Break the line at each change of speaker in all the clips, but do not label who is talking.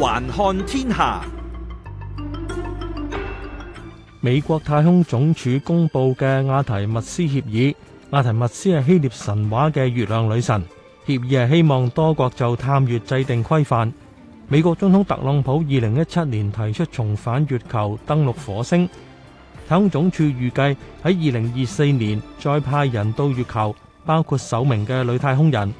環看天下，美國太空總署公布嘅阿提密斯協議，阿提密斯係希臘神話嘅月亮女神。協議係希望多國就探月制定規範。美國總統特朗普二零一七年提出重返月球，登陸火星。太空總署預計喺二零二四年再派人到月球，包括首名嘅女太空人。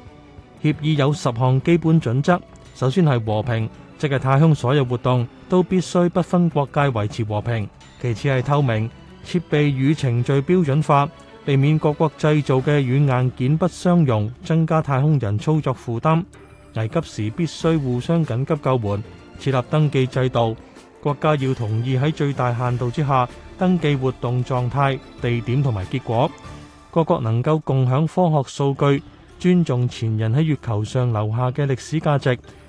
協議有十項基本準則，首先係和平。即係太空所有活動都必須不分國界維持和平。其次係透明，設備與程序標準化，避免各國製造嘅軟硬件不相容，增加太空人操作負擔。危急時必須互相緊急救援，設立登記制度。國家要同意喺最大限度之下登記活動狀態、地點同埋結果。各國能夠共享科學數據，尊重前人喺月球上留下嘅歷史價值。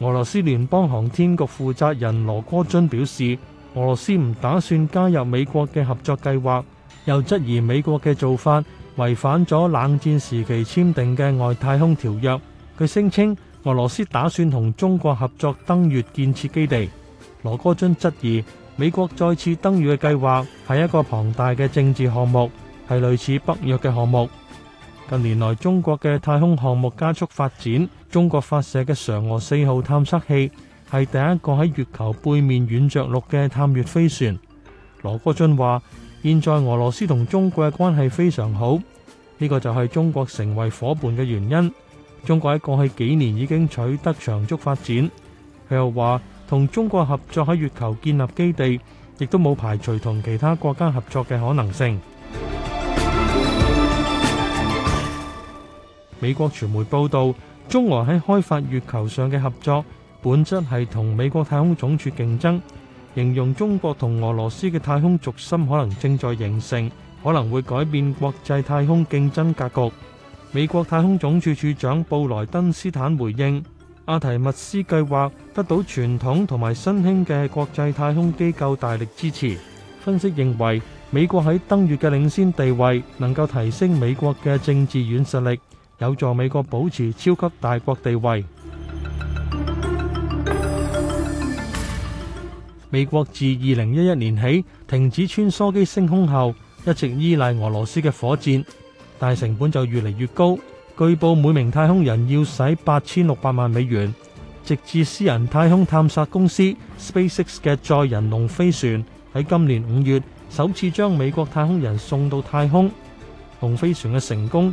俄羅斯聯邦航天局負責人羅戈津表示，俄羅斯唔打算加入美國嘅合作計劃，又質疑美國嘅做法違反咗冷戰時期簽訂嘅外太空條約。佢聲稱俄羅斯打算同中國合作登月建設基地。羅戈津質疑美國再次登月嘅計劃係一個龐大嘅政治項目，係類似北約嘅項目。近年來，中國嘅太空項目加速發展。中國發射嘅嫦娥四號探測器係第一個喺月球背面軟着陸嘅探月飛船。羅戈津話：現在俄羅斯同中國嘅關係非常好，呢、這個就係中國成為夥伴嘅原因。中國喺過去幾年已經取得長足發展。佢又話：同中國合作喺月球建立基地，亦都冇排除同其他國家合作嘅可能性。 美國傳媒報道。中俄喺開發月球上嘅合作,本質係同美國太空總署競爭,形容中國同俄羅斯嘅太空軸心可能正在形成,可能會改變國際太空競爭格局。美國太空總署署長布萊登斯坦回應,阿提密斯計劃得到傳統同埋新興嘅國際太空機構大力支持,分析認為美國喺登月嘅領先地位能夠提升美國嘅政治軟實力。有助美國保持超級大國地位。美國自二零一一年起停止穿梭機升空後，一直依賴俄羅斯嘅火箭，但係成本就越嚟越高。據報每名太空人要使八千六百萬美元。直至私人太空探索公司 SpaceX 嘅載人龍飛船喺今年五月首次將美國太空人送到太空。龍飛船嘅成功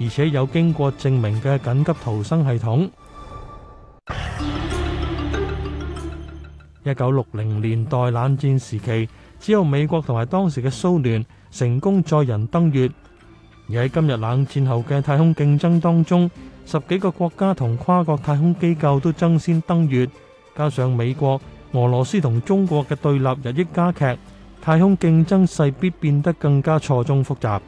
而且有經過證明嘅緊急逃生系統。一九六零年代冷戰時期，只有美國同埋當時嘅蘇聯成功載人登月。而喺今日冷戰後嘅太空競爭當中，十幾個國家同跨國太空機構都爭先登月。加上美國、俄羅斯同中國嘅對立日益加劇，太空競爭勢必變得更加錯綜複雜。